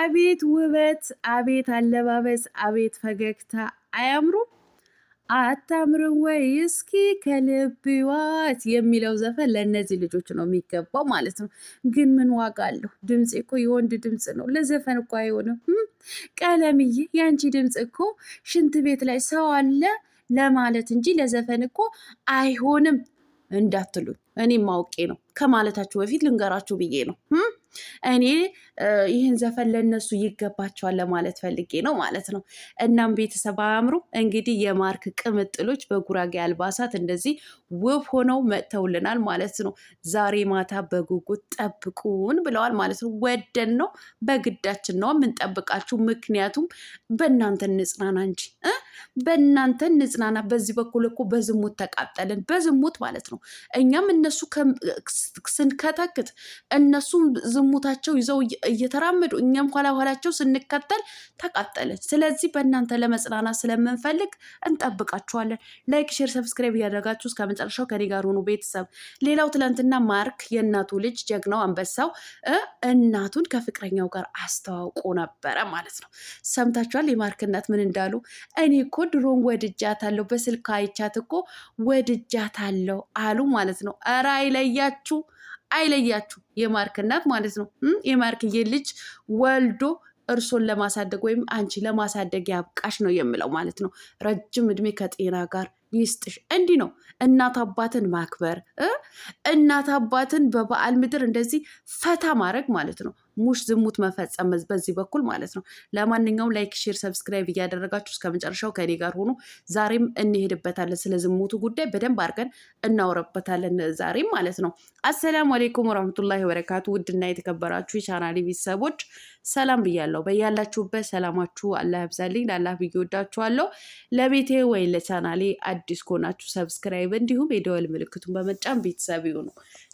አቤት ውበት፣ አቤት አለባበስ፣ አቤት ፈገግታ አያምሩም? አታምርም ወይ እስኪ ከልብዋት የሚለው ዘፈን ለእነዚህ ልጆች ነው የሚገባው ማለት ነው። ግን ምን ዋጋ አለው? ድምፅ እኮ የወንድ ድምፅ ነው፣ ለዘፈን እኮ አይሆንም። ቀለምዬ የአንቺ ድምፅ እኮ ሽንት ቤት ላይ ሰው አለ ለማለት እንጂ ለዘፈን እኮ አይሆንም እንዳትሉኝ፣ እኔም አውቄ ነው። ከማለታችሁ በፊት ልንገራችሁ ብዬ ነው። እኔ ይህን ዘፈን ለእነሱ ይገባቸዋል ለማለት ፈልጌ ነው ማለት ነው። እናም ቤተሰብ አያምሩ እንግዲህ የማርክ ቅምጥሎች በጉራጌ አልባሳት እንደዚህ ውብ ሆነው መጥተውልናል ማለት ነው። ዛሬ ማታ በጉጉት ጠብቁን ብለዋል ማለት ነው። ወደን ነው በግዳችን ነው የምንጠብቃችሁ፣ ምክንያቱም በእናንተ እንጽናና እንጂ በእናንተ እንጽናና። በዚህ በኩል እኮ በዝሙት ተቃጠልን፣ በዝሙት ማለት ነው። እኛም እነሱ ስንከተክት እነሱ ዝሙታቸው ይዘው እየተራመዱ እኛም ኋላ ኋላቸው ስንከተል ተቃጠልን። ስለዚህ በእናንተ ለመጽናና ስለምንፈልግ እንጠብቃችኋለን። ላይክ፣ ሼር፣ ሰብስክራይብ እያደረጋችሁ እስከ መጨረሻው ከኔ ጋር ሆኑ ቤተሰብ። ሌላው ትናንትና ማርክ የእናቱ ልጅ ጀግናው አንበሳው እናቱን ከፍቅረኛው ጋር አስተዋውቆ ነበረ ማለት ነው። ሰምታችኋል የማርክ እናት ምን እንዳሉ እኔ እኮ ድሮን ወድጃታለሁ፣ በስልክ አይቻት እኮ ወድጃታለሁ አሉ ማለት ነው። ኧረ አይለያችሁ፣ አይለያችሁ የማርክ እናት ማለት ነው። የማርክዬ ልጅ ወልዶ እርሶን ለማሳደግ ወይም አንቺ ለማሳደግ ያብቃሽ ነው የምለው ማለት ነው። ረጅም እድሜ ከጤና ጋር ይስጥሽ። እንዲህ ነው እናት አባትን ማክበር፣ እናት አባትን በበዓል ምድር እንደዚህ ፈታ ማድረግ ማለት ነው። ሙሽ ዝሙት መፈጸም በዚህ በኩል ማለት ነው። ለማንኛውም ላይክ፣ ሼር፣ ሰብስክራይብ እያደረጋችሁ እስከ መጨረሻው ከኔ ጋር ሆኖ ዛሬም እንሄድበታለን። ስለ ዝሙቱ ጉዳይ በደንብ አድርገን እናውረበታለን ዛሬም ማለት ነው። አሰላሙ አሌይኩም ወረህመቱላሂ ወበረካቱ። ውድና የተከበራችሁ የቻናሌ ቤተሰቦች ሰላም ብያለሁ። በያላችሁበት ሰላማችሁ አላህ ያብዛልኝ። ለአላህ ብዬ ወዳችኋለሁ። ለቤቴ ወይ ለቻናሌ አዲስ ከሆናችሁ ሰብስክራይብ እንዲሁም የደወል ምልክቱን በመጫን ቤተሰብ ይሁኑ።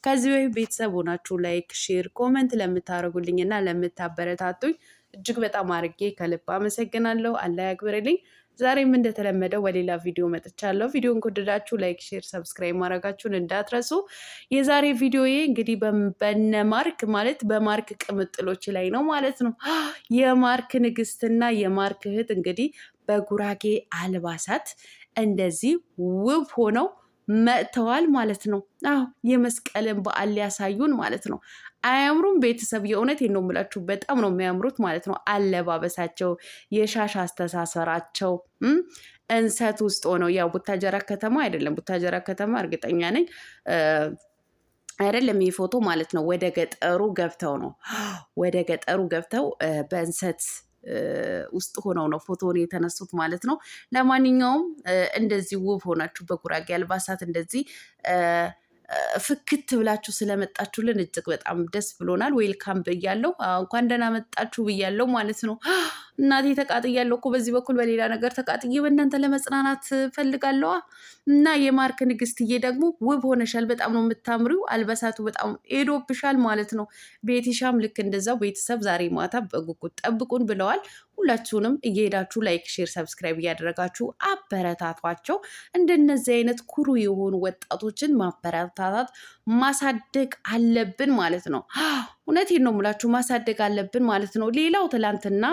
ከዚህ ወይም ቤተሰብ ሆናችሁ ላይክ፣ ሼር፣ ኮመንት ለምታደርጉልኝ ለምትሉልኝና ለምታበረታቱኝ እጅግ በጣም አርጌ ከልብ አመሰግናለሁ። አላህ ያክብርልኝ። ዛሬም እንደተለመደው በሌላ ቪዲዮ መጥቻለሁ። ቪዲዮን ከወደዳችሁ ላይክ፣ ሼር፣ ሰብስክራይብ ማድረጋችሁን እንዳትረሱ። የዛሬ ቪዲዮዬ እንግዲህ በነ ማርክ ማለት በማርክ ቅምጥሎች ላይ ነው ማለት ነው። የማርክ ንግስትና የማርክ እህት እንግዲህ በጉራጌ አልባሳት እንደዚህ ውብ ሆነው መጥተዋል ማለት ነው። አዎ የመስቀልን በዓል ሊያሳዩን ማለት ነው። አያምሩም? ቤተሰብ የእውነት ነው የምላችሁ፣ በጣም ነው የሚያምሩት ማለት ነው። አለባበሳቸው፣ የሻሽ አስተሳሰራቸው እንሰት ውስጥ ሆነው ያው ቡታጀራ ከተማ አይደለም፣ ቡታጀራ ከተማ እርግጠኛ ነኝ አይደለም ይህ ፎቶ ማለት ነው። ወደ ገጠሩ ገብተው ነው ወደ ገጠሩ ገብተው በእንሰት ውስጥ ሆነው ነው ፎቶን የተነሱት ማለት ነው። ለማንኛውም እንደዚህ ውብ ሆናችሁ በጉራጌ አልባሳት እንደዚህ ፍክት ብላችሁ ስለመጣችሁልን እጅግ በጣም ደስ ብሎናል። ዌልካም ብያለሁ፣ እንኳን ደህና መጣችሁ ብያለሁ ማለት ነው። እናቴ ተቃጥያለሁ እኮ በዚህ በኩል በሌላ ነገር ተቃጥዬ በእናንተ ለመጽናናት ፈልጋለዋ እና የማርክ ንግስትዬ ደግሞ ውብ ሆነሻል፣ በጣም ነው የምታምሪው። አልባሳቱ በጣም ሄዶብሻል ማለት ነው። ቤቲሻም ልክ እንደዛው ቤተሰብ ዛሬ ማታ በጉጉት ጠብቁን ብለዋል። ሁላችሁንም እየሄዳችሁ ላይክ፣ ሼር፣ ሰብስክራይብ እያደረጋችሁ አበረታቷቸው። እንደነዚህ አይነት ኩሩ የሆኑ ወጣቶችን ማበረታታት ማሳደግ አለብን ማለት ነው። እውነቴን ነው የምላችሁ፣ ማሳደግ አለብን ማለት ነው። ሌላው ትላንትና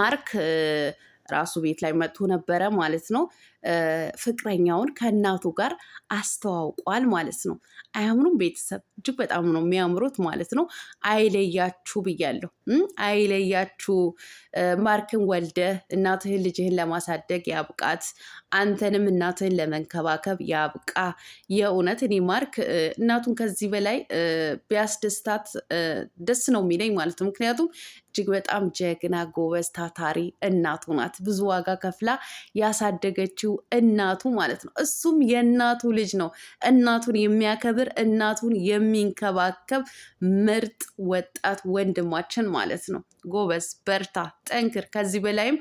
ማርክ ራሱ ቤት ላይ መጥቶ ነበረ ማለት ነው። ፍቅረኛውን ከእናቱ ጋር አስተዋውቋል ማለት ነው። አያምሩም? ቤተሰብ እጅግ በጣም ነው የሚያምሩት ማለት ነው። አይለያችሁ ብያለሁ። አይለያችሁ። ማርክን ወልደ እናትህን ልጅህን ለማሳደግ ያብቃት። አንተንም እናትህን ለመንከባከብ ያብቃ። የእውነት እኔ ማርክ እናቱን ከዚህ በላይ ቢያስደስታት ደስ ነው የሚለኝ ማለት ነው። ምክንያቱም እጅግ በጣም ጀግና፣ ጎበዝ፣ ታታሪ እናቱ ናት። ብዙ ዋጋ ከፍላ ያሳደገችው እናቱ ማለት ነው። እሱም የእናቱ ልጅ ነው። እናቱን የሚያከብር እናቱን የሚንከባከብ ምርጥ ወጣት ወንድማችን ማለት ነው። ጎበዝ፣ በርታ፣ ጠንክር። ከዚህ በላይም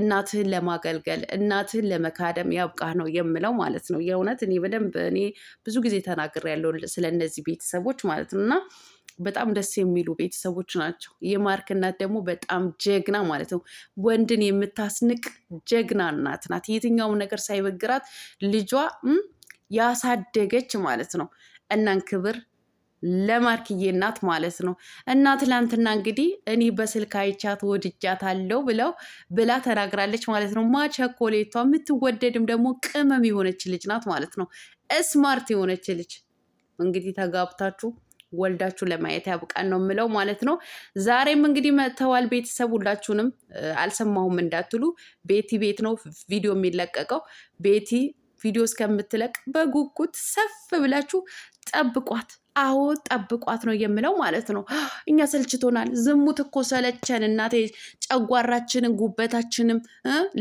እናትህን ለማገልገል እናትህን ለመካደም ያብቃህ ነው የምለው ማለት ነው። የእውነት እኔ በደንብ እኔ ብዙ ጊዜ ተናግሬያለሁ እነዚህ ቤተሰቦች ማለት ነው እና በጣም ደስ የሚሉ ቤተሰቦች ናቸው። የማርክ እናት ደግሞ በጣም ጀግና ማለት ነው። ወንድን የምታስንቅ ጀግና እናት ናት። የትኛውም ነገር ሳይበግራት ልጇ ያሳደገች ማለት ነው። እናን ክብር ለማርክዬ እናት ማለት ነው። እና ትላንትና እንግዲህ እኔ በስልክ አይቻት ወድጃታለሁ ብለው ብላ ተናግራለች ማለት ነው። ማቸኮሌቷ የምትወደድም ደግሞ ቅመም የሆነች ልጅ ናት ማለት ነው። ስማርት የሆነች ልጅ እንግዲህ ተጋብታችሁ ወልዳችሁ ለማየት ያብቃን ነው የምለው ማለት ነው። ዛሬም እንግዲህ መተዋል ቤተሰብ፣ ሁላችሁንም አልሰማሁም እንዳትሉ ቤቲ ቤት ነው ቪዲዮ የሚለቀቀው ቤቲ ቪዲዮ እስከምትለቅ በጉጉት ሰፍ ብላችሁ ጠብቋት። አዎ ጠብቋት ነው የምለው ማለት ነው። እኛ ሰልችቶናል። ዝሙት እኮ ሰለቸን እናቴ። ጨጓራችንን፣ ጉበታችንም፣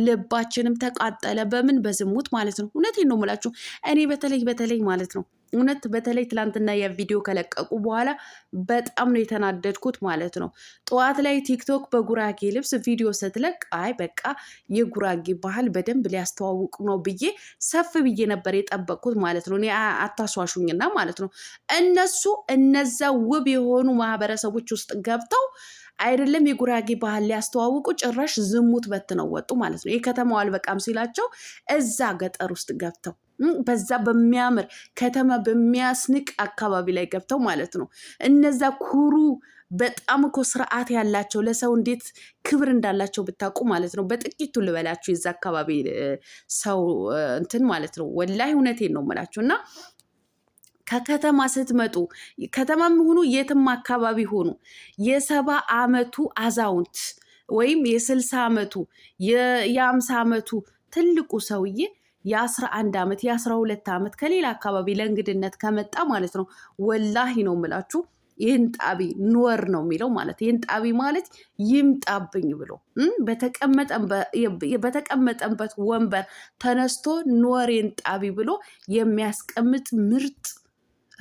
ልባችንም ተቃጠለ። በምን በዝሙት ማለት ነው። እውነቴን ነው የምላችሁ እኔ በተለይ በተለይ ማለት ነው እውነት በተለይ ትላንትና ያ ቪዲዮ ከለቀቁ በኋላ በጣም ነው የተናደድኩት ማለት ነው። ጠዋት ላይ ቲክቶክ በጉራጌ ልብስ ቪዲዮ ስትለቅ አይ በቃ የጉራጌ ባህል በደንብ ሊያስተዋውቁ ነው ብዬ ሰፍ ብዬ ነበር የጠበቅኩት ማለት ነው። አታሷሹኝና ማለት ነው እነሱ እነዛ ውብ የሆኑ ማህበረሰቦች ውስጥ ገብተው አይደለም የጉራጌ ባህል ሊያስተዋውቁ ጭራሽ ዝሙት በት ነው ወጡ ማለት ነው። የከተማው አልበቃም ሲላቸው እዛ ገጠር ውስጥ ገብተው በዛ በሚያምር ከተማ በሚያስንቅ አካባቢ ላይ ገብተው ማለት ነው። እነዛ ኩሩ በጣም እኮ ስርዓት ያላቸው ለሰው እንዴት ክብር እንዳላቸው ብታውቁ ማለት ነው። በጥቂቱ ልበላችሁ የዛ አካባቢ ሰው እንትን ማለት ነው። ወላሂ እውነቴን ነው የምላችሁ እና ከከተማ ስትመጡ ከተማም ሆኑ የትም አካባቢ ሆኑ የሰባ አመቱ አዛውንት ወይም የስልሳ አመቱ የአምሳ አመቱ ትልቁ ሰውዬ የ11 ዓመት የ12 ዓመት ከሌላ አካባቢ ለእንግድነት ከመጣ ማለት ነው ወላሂ ነው የምላችሁ ይህን ጣቢ ንወር ነው የሚለው ማለት ይህን ጣቢ ማለት ይምጣብኝ ብሎ በተቀመጠበት ወንበር ተነስቶ ይህን ጣቢ ብሎ የሚያስቀምጥ ምርጥ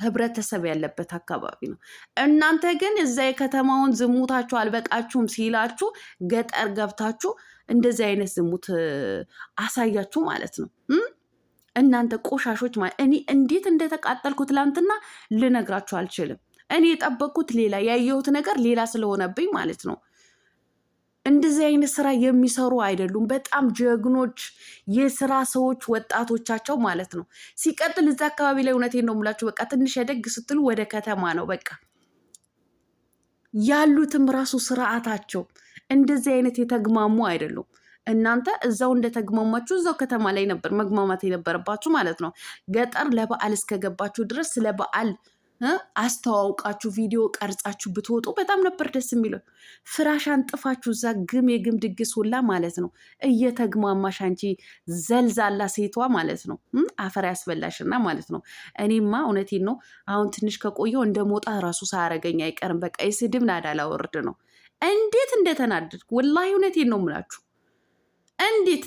ህብረተሰብ ያለበት አካባቢ ነው። እናንተ ግን እዛ የከተማውን ዝሙታችሁ አልበቃችሁም ሲላችሁ ገጠር ገብታችሁ እንደዚህ አይነት ዝሙት አሳያችሁ ማለት ነው። እናንተ ቆሻሾች ማለት እኔ እንዴት እንደተቃጠልኩ ትላንትና ልነግራችሁ አልችልም። እኔ የጠበቅኩት ሌላ ያየሁት ነገር ሌላ ስለሆነብኝ ማለት ነው። እንደዚህ አይነት ስራ የሚሰሩ አይደሉም። በጣም ጀግኖች የስራ ሰዎች ወጣቶቻቸው ማለት ነው። ሲቀጥል እዚ አካባቢ ላይ እውነቴን ነው የምላችሁ፣ በቃ ትንሽ ያደግ ስትሉ ወደ ከተማ ነው በቃ ያሉትም ራሱ ስርዓታቸው እንደዚህ አይነት የተግማሙ አይደሉም። እናንተ እዛው እንደተግማማችሁ እዛው ከተማ ላይ ነበር መግማማት የነበረባችሁ ማለት ነው። ገጠር ለበዓል እስከገባችሁ ድረስ ስለ በዓል አስተዋውቃችሁ ቪዲዮ ቀርጻችሁ ብትወጡ በጣም ነበር ደስ የሚለው። ፍራሽ አንጥፋችሁ እዛ ግም የግም ድግስ ሁላ ማለት ነው። እየተግማማሽ አንቺ ዘልዛላ ሴቷ ማለት ነው። አፈር ያስበላሽና ማለት ነው። እኔማ እውነቴን ነው። አሁን ትንሽ ከቆየው እንደ ሞጣ ራሱ ሳያረገኝ አይቀርም። በቃ የስድብ ናዳ ላወርድ ነው። እንዴት እንደተናደድኩ ወላሂ እውነቴን ነው የምላችሁ። እንዴት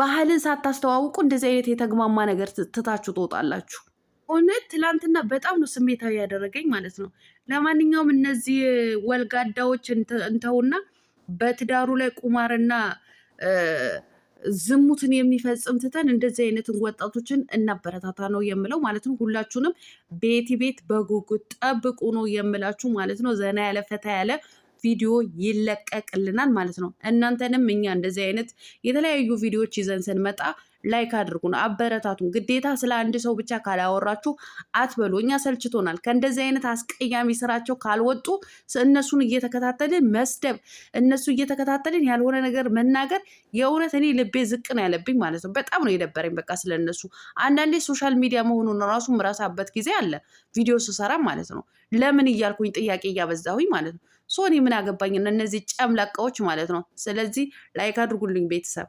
ባህልን ሳታስተዋውቁ እንደዚህ አይነት የተግማማ ነገር ትታችሁ ትወጣላችሁ? እውነት ትላንትና በጣም ነው ስሜታዊ ያደረገኝ ማለት ነው። ለማንኛውም እነዚህ ወልጋዳዎች እንተውና በትዳሩ ላይ ቁማርና ዝሙትን የሚፈጽም ትተን እንደዚህ አይነትን ወጣቶችን እናበረታታ ነው የምለው ማለት ነው። ሁላችሁንም ቤት ቤት በጉጉት ጠብቁ ነው የምላችሁ ማለት ነው። ዘና ያለ ፈታ ያለ ቪዲዮ ይለቀቅልናል ማለት ነው። እናንተንም እኛ እንደዚህ አይነት የተለያዩ ቪዲዮዎች ይዘን ስንመጣ ላይክ አድርጉን፣ አበረታቱን። ግዴታ ስለ አንድ ሰው ብቻ ካላወራችሁ አትበሉ። እኛ ሰልችቶናል። ከእንደዚህ አይነት አስቀያሚ ስራቸው ካልወጡ እነሱን እየተከታተልን መስደብ፣ እነሱ እየተከታተልን ያልሆነ ነገር መናገር የእውነት እኔ ልቤ ዝቅ ነው ያለብኝ ማለት ነው። በጣም ነው የደበረኝ በቃ ስለ እነሱ። አንዳንዴ ሶሻል ሚዲያ መሆኑን ራሱ ምረሳበት ጊዜ አለ ቪዲዮ ስሰራ ማለት ነው። ለምን እያልኩኝ ጥያቄ እያበዛሁኝ ማለት ነው። ሶ እኔ ምን አገባኝ እነዚህ ጨምላቃዎች ማለት ነው። ስለዚህ ላይክ አድርጉልኝ ቤተሰብ።